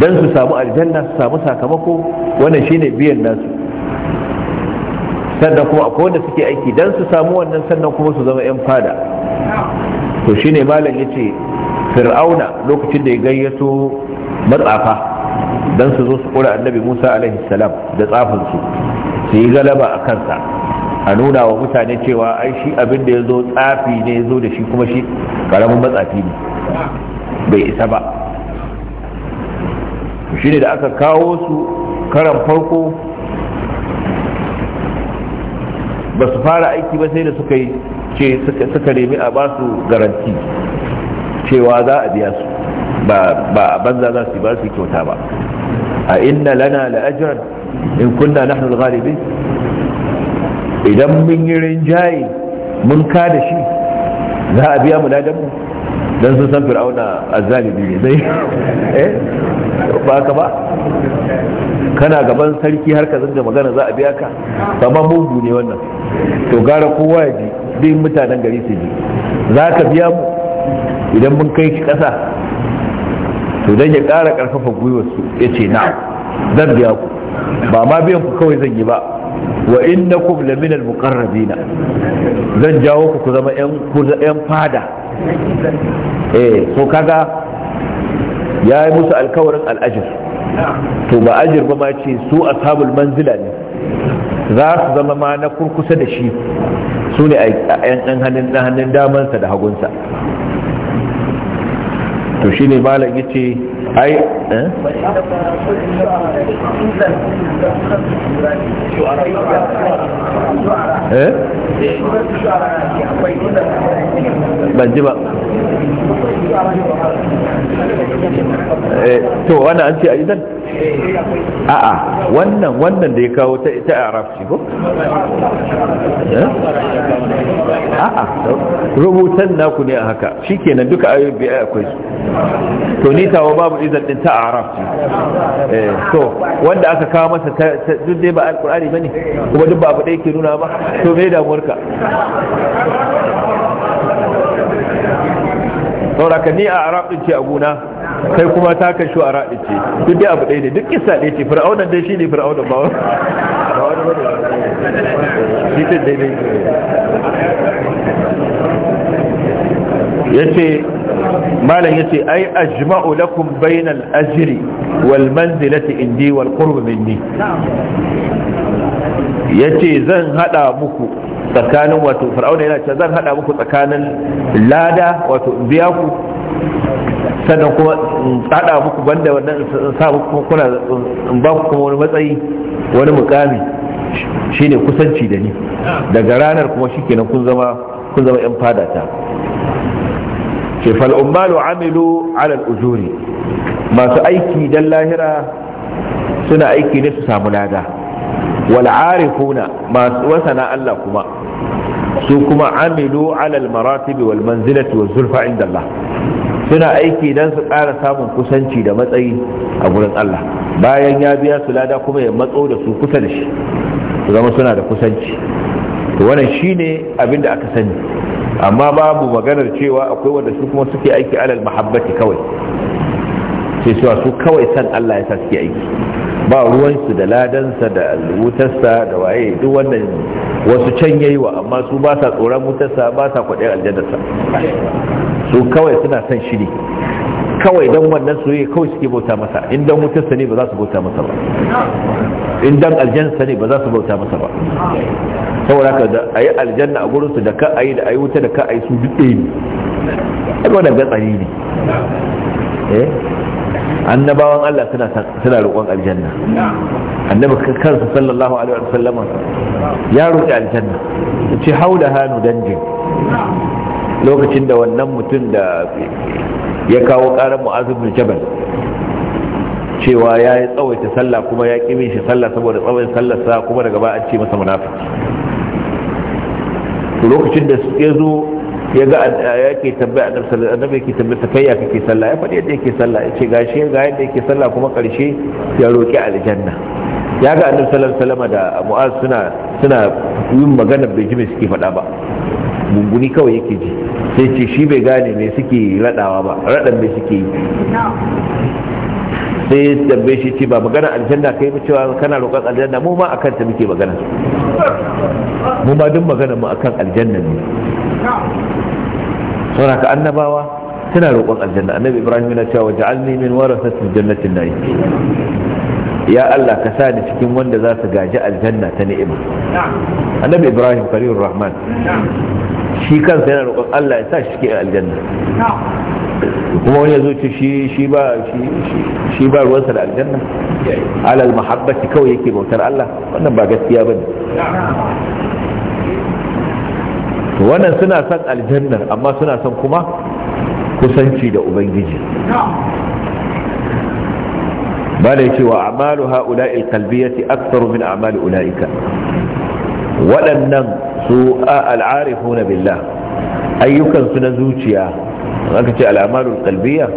don su samu aljanna su samu sakamako wannan shine biyan nasu sannan kuma akwai wanda suke aiki don su samu wannan sannan kuma su zama 'yan fada to shine malam ya ce fir'auna lokacin da ya gayyato matsafa don su zo su kura annabi musa alaihi salam da tsafin su yi galaba a kansa a nuna wa mutane cewa ai shi abin da ya zo tsafi ne ya zo da shi kuma shi karamin matsafi ne bai isa ba shi ne da aka kawo su karan farko ba su fara aiki ba sai da suka yi ce suka nemi a ba su garanti cewa za a biya su ba a banza za su yi, ba su kyauta ba a inna lana la'ajiran in kunna nahnu galibi idan mun yi rinjaye mun ka da shi za a biya mu ladanmu don sun san fir'auna a zalibi ne zai eh ba ka ba kana gaban sarki har ka zanga magana za a biya ka amma mugu ne wannan to gara kowa ya ji duk mutanen gari su ji za ka biya mu idan mun kai ki kasa to dan ya ƙara ƙarfafa su ya ce na zan biya ku ba ma biyan ku kawai zan yi ba wa innakum laminal muqarrabina zan jawo ku ku zama yan fada eh ko kaga ya yi musu alkawarin al'ajir to ba ajir ba ma ce su ashabul manzila ne za su zama ma na kurkusa da shi su ne a yan hannun damansa da hagunsa to shi ne malam ya ce ai eh, eh? ban ji ba eh to wani an ce a idan a'a wannan wannan da ya kawo ta ita arab ko eh? a'a rubutan naku ne a haka shikenan duka ayoyin biya akwai su to ni tawo babu izan din ta arab ce eh to wanda aka kawo masa duk dai ba alqur'ani bane kuma duk ba abu da yake nuna ba to me damuwarka sauraka ni a arabin ce a gona kai kuma ta ka shu arabin ce duk dai abu ɗaya ne duk kisa ɗaya ce fir'aunan dai shine fir'aunan ba wani dai ne yace malam yace ai ajma'u lakum bainal ajri wal manzilati indi wal qurb minni yace zan hada muku tsakanin wato fir'auna yana cewa zan hada muku tsakanin lada wato biya ku sannan kuma in tsada muku banda wannan in sa muku kuma kuna in ba ku kuma wani matsayi wani mukami shine kusanci da ni daga ranar kuma shikenan kun zama kun zama yan fadata Ke fal ummalu amilu ala al-ujuri masu aiki dan lahira suna aiki ne su samu lada wal arifuna masu wasana Allah kuma su kuma amilu alal maratibi wal manzilati wal zulfa inda Allah suna aiki dan su ƙara samun kusanci da matsayi a gurin Allah bayan ya biya su lada kuma ya matso da su kusa da shi su zama suna da kusanci wannan shine abin da aka sani amma babu maganar cewa akwai wanda su kuma suke aiki alal mahabbati kawai sai su kawai san Allah ya sa suke aiki ba ruwansu da ladansa da wutarsa da waye duk wannan wasu can yayi wa amma su ba sa tsoron mutarsa ba sa kwaɗe aljadarsa su kawai suna son shi ne kawai don wannan soyayya kawai suke bauta masa in mutarsa ne ba za su bauta masa ba in aljansa ne ba za su bauta masa ba saboda ka da yi aljanna a gurinsu da ka a yi da a yi wuta da ka a yi su duk ɗaya ne ai wannan gatsari ne eh? annabawan Allah suna roƙon aljanna annabi kansa sallallahu alaihi wa sallama ya roƙi aljanna ce hauda hannu danjin lokacin da wannan mutum da ya kawo ƙarar mu'azu bin jabal cewa ya yi tsawaita sallah kuma ya ƙi min shi sallah saboda tsawaita sa kuma daga ba an ce masa munafiki lokacin da ya zo ya ga ya yake tambaya annabi sallallahu alaihi wasallam ke tambaya ta ya kake sallah ya faɗi yadda yake sallah ya ce ga shi ga yadda yake sallah kuma ƙarshe ya roƙi aljanna ya ga annabi sallallahu alaihi da mu'az suna suna yin magana bai ji me suke faɗa ba gunguni kawai yake ji sai ce shi bai gane me suke radawa ba radan me suke yi sai ya tambaye shi ce ba magana aljanna kai ba cewa kana roƙon aljanna mu ma akan ta muke magana mu ma duk magana mu akan aljanna ne saboda ka annabawa suna roƙon aljanna annabi ibrahim yana cewa ja'alni min warasatil jannatin nayi ya Allah ka sani cikin wanda za su gaji aljanna ta ni'ima annabi ibrahim khalilur rahman shi kansa yana roƙon Allah ya sa shi cikin aljanna kuma wani ya zo ci shi shi ba shi ba ruwansa da aljanna alal mahabbati kawai yake bautar Allah wannan ba gaskiya bane wannan suna son aljanna amma suna son kuma kusanci da ubangiji ba da cewa amalu ha'ula'i kalbiyati aktaru min amali ula'ika waɗannan su na billah ayyukansu na zuciya aka ce al'amalul kalbiya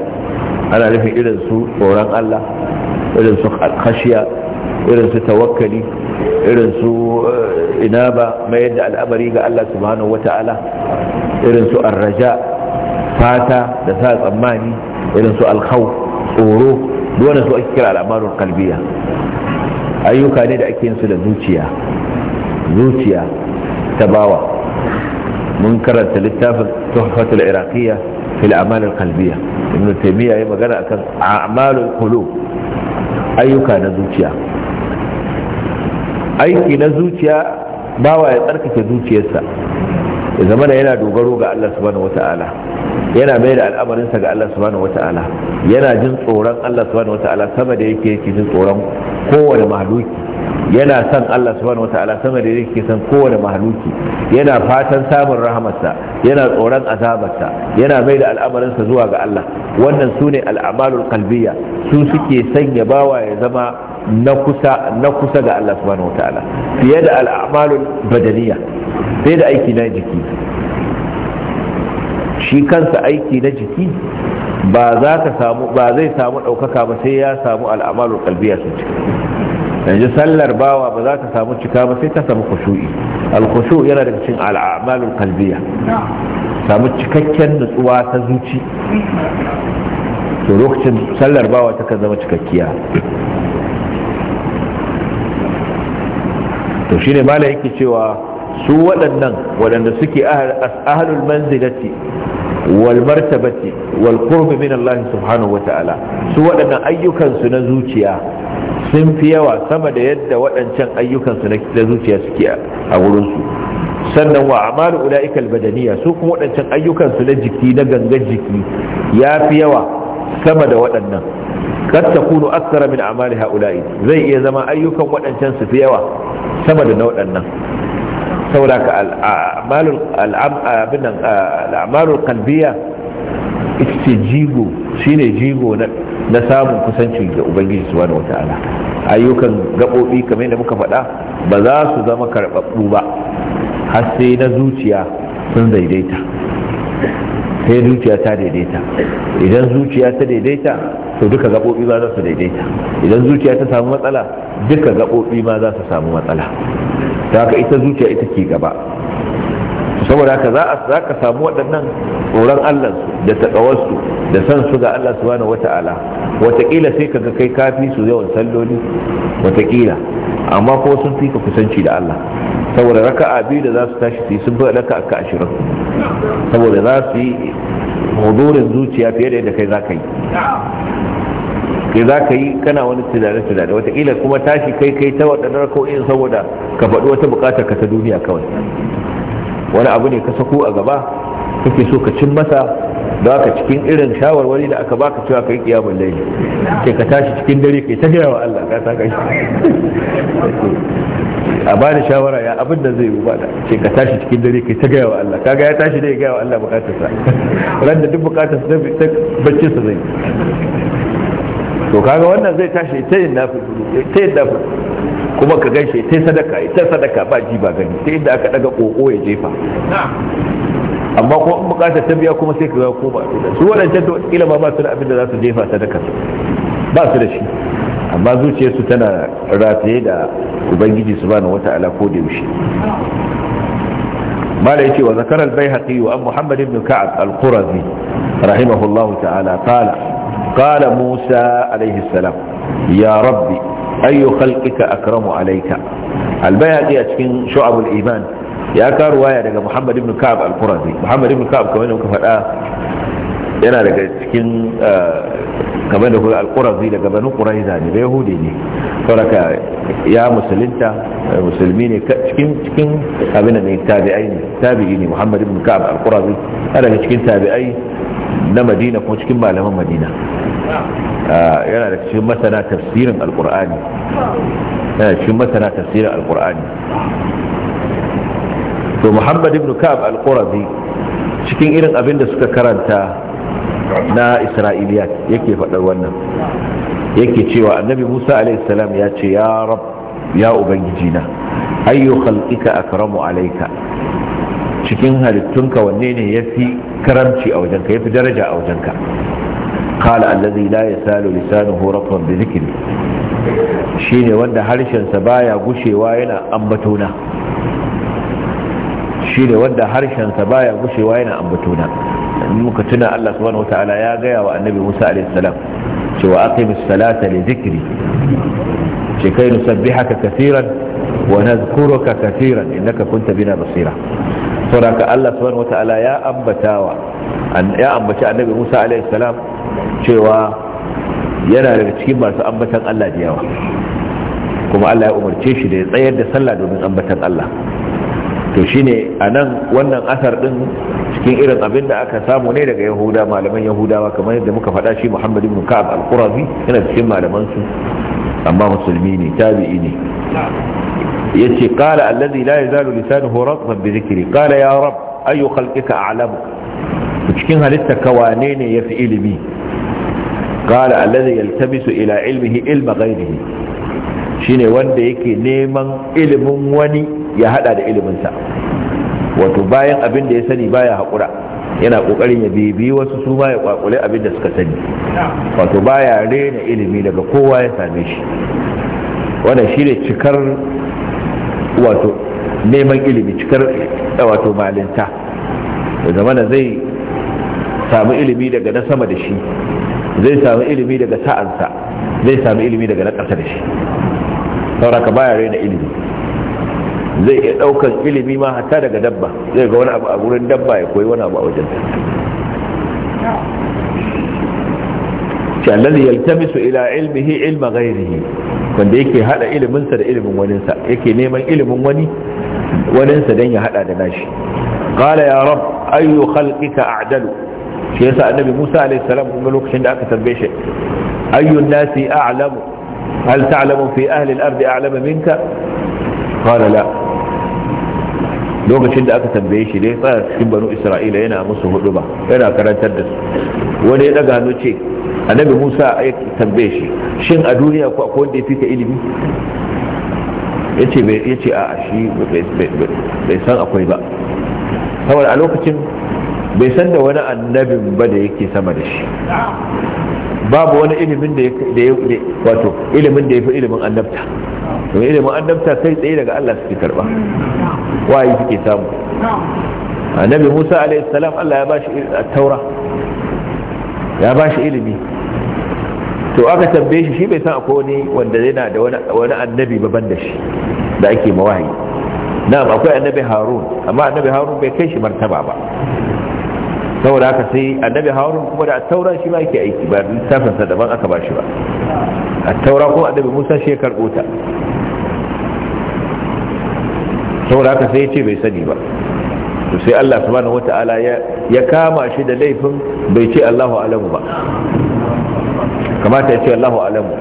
ana nufin irin su tsoron Allah irin su khashiya irin su tawakkali irin su eh, inaba mayar da al'amari ga Allah subhanahu wata'ala irin su arraja fata da sa tsammani irin su alkhawf tsoro dole su ake kira al'amarun kalbiya ayyuka ne da ake yin su da zuciya zuciya ta bawa mun karanta littafin tuhfatul iraqiyya fil a'mal al ibn taymiya yayi magana akan a'malul qulub ayyuka na zuciya aiki na zuciya bawa ya tsarkake zuciyarsa ya zama da yana dogaro ga Allah subhanahu wata'ala yana mai da al'amarinsa ga Allah subhanahu wata'ala yana jin tsoron Allah subhanahu wata'ala sama da yake yake jin tsoron kowane mahaluki yana son Allah subhanahu wataala sama da yake san kowane mahaluki yana fatan samun rahamarsa yana tsoron azabarsa yana mai da al'amarinsa zuwa ga Allah wannan sune ne al'amalul su suke sanya bawa ya zama na kusa na kusa ga Allah subhanahu wataala fiye da al'amalul badaniya fiye da aiki na jiki shi kansa aiki na jiki ba za ka samu ba zai samu ɗaukaka ba sai ya samu al'amalul kalbiya su ciki yanzu sallar bawa ba za ta samu cika ba sai ta samu kushu'i alkushu yana daga cikin al'amalul kalbiya samu cikakken nutsuwa ta zuci to lokacin sallar bawa ta zama cikakkiya to shine mala yake cewa su waɗannan waɗanda suke ahalul manzilati wal martabati wal qurbi min Allah subhanahu ta'ala, su waɗannan ayyukan su na zuciya sun fi yawa sama da yadda waɗancan ayyukansu na zuciya suke a wurinsu sannan wa amalu ula'ikal badaniya su kuma waɗancan ayyukansu na jiki na gangan jiki ya fi yawa sama da waɗannan Kar kad takunu akthara min amali haula'i zai iya zama ayyukan waɗancan su fi yawa sama da na waɗannan saboda ka al'amalul al'amalul qalbiyya ita ce jigo shine jigo na na samun kusanci da ubangiji subhanahu wata'ala ayyukan gabobi kamar yadda muka faɗa ba za su zama karɓaɓɓu ba har sai na zuciya sun daidaita sai zuciya ta daidaita idan zuciya ta daidaita to duka gabobi ma za su daidaita idan zuciya ta samu matsala duka gabobi ma za su samu matsala ta haka ita zuciya ita ke gaba saboda haka za ka samu waɗannan tsoron allah da taƙawarsu da san su ga Allah subhanahu wata'ala watakila sai kaga kai kafi su yawan salloli watakila amma ko sun fi ka kusanci da Allah saboda raka'a biyu da za su tashi su yi sun fi raka'a ka ashirin saboda za su yi hudurin zuciya fiye da yadda kai za ka yi kai za ka yi kana wani tunane tunane watakila kuma tashi kai kai ta waɗannan raka'o'in saboda ka faɗi wata buƙatar ka ta duniya kawai wani abu ne ka sako a gaba kake so ka cin masa da haka cikin irin shawarwari da aka baka cewa kai kiyamul laili sai ka tashi cikin dare kai ta gaya wa Allah ka saka shi a ba da shawara ya abin da zai bada ce ka tashi cikin dare kai ta gaya wa Allah kaga ya tashi dai gaya wa Allah bukatarsa ran da duk bukatarsa ta baccin sa zai to kaga wannan zai tashi ta yin nafi ta yin nafi kuma ka gaishe ta sadaka ta sadaka ba ji ba gani ta inda aka daga koko ya jefa amma kuma in bukatar ta biya kuma sai ka ga ko ba su wadancan to kila ba ba su da abin da za su jefa sadaka ba su da shi amma zuciyarsu tana rataye da ubangiji subhanahu wata'ala ko da yaushe mala yace wa zakara al-baihaqi wa muhammad ibn ka'ab al-qurazi rahimahullahu ta'ala qala qala musa alayhi salam ya rabbi ayu khalqika akramu alayka al-baihaqi a cikin shu'ab al-iman ya ka waya daga Muhammad ibn Ka'ab al-Qurazi Muhammad ibn Ka'ab kamar da muka faɗa yana daga cikin eh, kamar da al-Qurazi daga Banu Quraiza ne da Yahudi ne saboda ya musulunta eh, musulmi ne cikin cikin abin da ne tabi'ai ne tabi'i ne Muhammad ibn Ka'ab al-Qurazi yana daga cikin tabi'ai na Madina ko cikin malaman Madina ah, yana da cikin masana tafsirin al-Qur'ani yana cikin masana tafsirin al-Qur'ani to muhammad ibn ka'ab al-qurazi cikin irin abin da suka karanta na isra'iliya yake faɗar wannan yake cewa annabi musa alaihi salam ya ce ya rab ya ubangiji na ayyu khalqika akramu alayka cikin halittunka wanne ne yafi karamci a wajenka yafi daraja a wajenka قال الذي لا يسال لسانه رطبا بذكري shine wanda harshensa baya gushewa yana ambatona shi ne wanda harshensa baya gushewa yana ambatona muka tuna Allah subhanahu wataala ya gaya wa annabi Musa alaihi salam cewa aqimis salata li dhikri ce kai nusabbihaka kaseeran wa nadhkuruka kaseeran innaka kunta bina basira saboda Allah subhanahu wataala ya ambatawa ya ambaci annabi Musa alaihi salam cewa yana daga cikin masu ambatan Allah da yawa kuma Allah ya umarce shi da ya tsayar da sallah domin ambatan Allah to a nan wannan asar din cikin irin abin da aka samu ne daga yahuda malaman yahudawa kamar yadda muka faɗa shi muhammad ibn ka'ab al-qurazi yana cikin malaman su amma musulmi ne tabi'i ne yace qala allazi la yazalu lisanuhu ratban bi dhikri qala ya rab ayu khalqika a'lamu cikin halitta wane ne yafi ilimi qala allazi yaltabisu ila ilmihi ilma ghayrihi shine wanda yake neman ilimin wani ya hada da iliminsa wato bayan abin da ya sani baya haƙura yana ƙoƙarin ya bibi wasu su ma ya kwakule abin da suka sani wato baya rena ilimi daga kowa ya same shi wannan shi ne cikar wato neman ilimi cikar eh, wato malinta da zamana zai samu ilimi daga na sama da shi zai samu ilimi daga sa'ansa zai samu ilimi daga na ƙasa da shi sauraka baya rena ilimi zai iya daukan ilimi ma hatta daga dabba zai ga wani abu a gurin dabba ya koyi wani abu a wajen alladhi yaltamisu ila ilmihi ilma ghayrihi wanda yake hada iliminsa da ilimin waninsa yake neman ilimin wani waninsa dan ya hada da nashi qala ya rab ayu khalqika a'dalu shi yasa annabi Musa alayhi salam kuma lokacin da aka tambaye shi ayu nasi a'lamu hal ta'lamu fi ahli al-ardi a'lama minka qala lokacin da aka tambaye shi ne tsaya cikin banu isra'ila yana musu hudu ba yana karantar da su wani ya daga hannu ce annabi musa ya tambaye shi shin a duniya ko akwai wanda ya fika ilimi yace ya ce a shi bai san akwai ba saboda a lokacin bai san da wani annabin ba da yake sama da shi babu wani ilimin da ya wato ilimin da ya fi ilimin annabta domin ilimin annabta kai tsaye daga Allah suke karba wayi suke samu annabi Musa alaihi salam Allah ya bashi taura ya bashi ilimi to aka tambaye shi shi bai san akwai wani wanda yana da wani annabi baban da shi da ake mawahi na'am akwai annabi Harun amma annabi Harun bai kai shi martaba ba saboda haka sai annabi harun kuma da taura shi ma yake aiki ba littafin sa daban aka bashi ba a taura ko annabi musa shi ya karɓo ta saboda haka sai ya ce bai sani ba to sai Allah subhanahu wa ta'ala ya kama shi da laifin bai ce Allahu alamu ba kamata ya ce Allahu alamu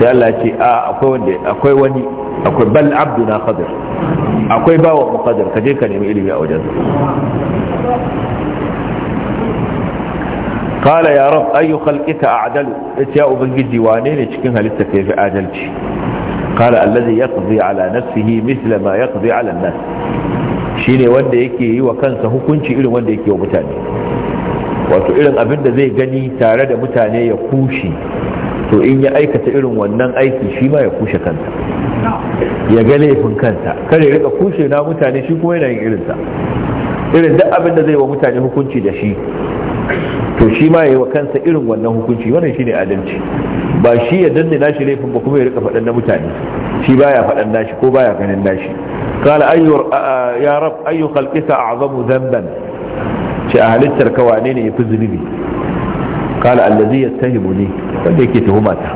sai Allah ce a akwai wanda akwai wani akwai bal abduna qadir akwai bawa qadir kaje ka nemi ilimi a wajen kala ya rab ayu khalqika a'dalu ya ubangiji wane ne cikin halitta kai fi adalci kala allazi yaqdi ala nafsihi mithla ma yaqdi ala an-nas shine wanda yake yi wa kansa hukunci irin wanda yake wa mutane wato irin abin da zai gani tare da mutane ya kushi to in ya aikata irin wannan aiki shi ma ya kushe kansa ya ga laifin kansa ya rika kushe na mutane shi kuma yana yin irinsa irin duk abin da zai wa mutane hukunci da shi to shi ma yi wa kansa irin wannan hukunci wannan ne adalci ba shi ya danne nashi laifin ba kuma ya rika faɗan na mutane shi ya faɗan nashi ko ya ganin nashi قال أي يا رب أي خلقك أعظم ذنبا شأهل الترك وعنين يفزني قال الذي يتهمني فليك تهمته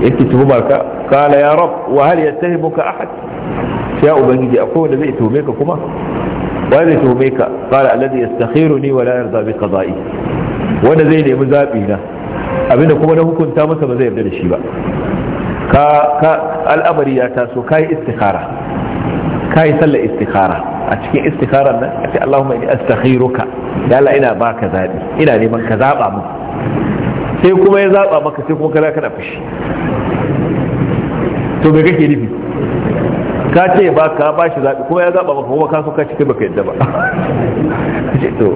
يك تهمك قال يا رب وهل يتهمك ubangiji, يا أبنجي zai لبئ تهمك kuma? wani tuhume ka qala alladhi yastakhiruni wa la yarda bi qada'i wanda zai nemi zabi na abinda kuma na hukunta masa ba zai yarda da shi ba ka ka al'amari ya taso kai istikhara kai sallar istikhara a cikin istikharar nan a ce Allahumma inni astakhiruka ya Allah ina baka zabi ina neman ka zaba mu sai kuma ya zaba maka sai kuma kana kana fushi to me kake nufi ka ce ba ka ba shi zaɓi kuma ya zaɓa maka kuma ka so ka ci baka yadda ba to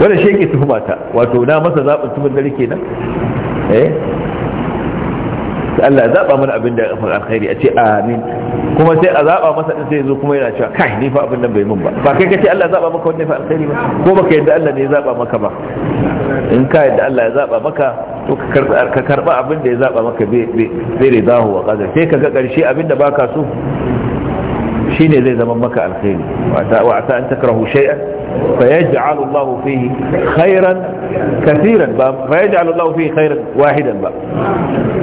wanda shi yake tuhuma ta wato na masa zaɓin tumin dare kenan eh Allah ya zaɓa mana abin da kafin alkhairi a ce amin kuma sai a zaɓa masa ɗin sai zo kuma yana cewa kai ni fa abin nan bai mun ba ba kai ka ce Allah ya zaɓa maka wannan fa alkhairi ba ko baka yadda Allah ne ya zaɓa maka ba in ka yadda Allah ya zaɓa maka to ka karba abin da ya zaba maka bai ridahu wa qadar sai kaga karshe abin da baka so shine zai zama maka alkhairi wa ata an takrahu shay'an fayaj'alu Allahu fihi khairan katiran ba fayaj'alu Allahu fihi khairan wahidan ba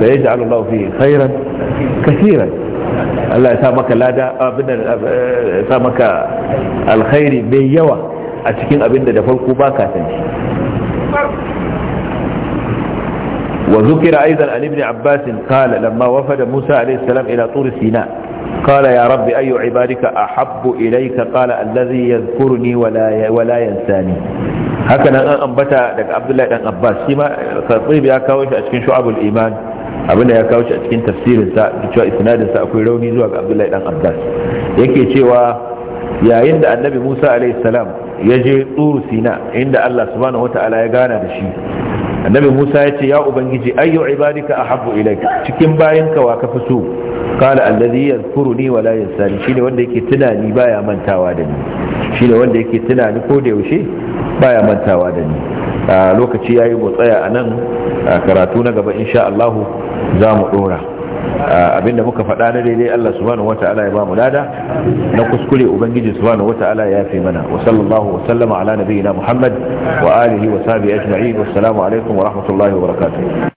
fayaj'alu Allahu fihi khairan katiran Allah ya sa maka lada abin da eh, ya sa maka alkhairi bai yawa a cikin abin da da farko baka san shi وذكر أيضا عن ابن عباس قال لما وفد موسى عليه السلام إلى طور سيناء قال يا رب أي عبادك أحب إليك قال الذي يذكرني ولا ولا ينساني هكذا أن أنبتا لك عبد الله بن عباس فيما خطيب يا كاوش أشكين شعب الإيمان abinda ya kawo shi a cikin tafsirinsa sa cewa akwai rauni zuwa ga abdullahi dan abbas yake cewa yayin da annabi musa alaihi salam ya je tsuru sina inda allah subhanahu wataala ya gana da shi annabi musa ya ce ya ubangiji ayyu ibadika ahabbu ilayka cikin ka wa kafi so qala allazi yadhkuruni wa la yansani shine wanda yake tunani baya mantawa da ni shine wanda yake tunani ko da yaushe baya mantawa da ni a lokaci yayi motsaya tsaya anan karatu na gaba insha Allah za mu dora Ah, abinda muka faɗa na daidai Allah subhanahu wata'ala ya ba mu lada na kuskure ubangiji subhanahu wata'ala ya yafe mana wa sallallahu wa sallama ala nabiyina Muhammad wa alihi wa sahbihi ajma'in wassalamu alaikum wa rahmatullahi wa barakatuh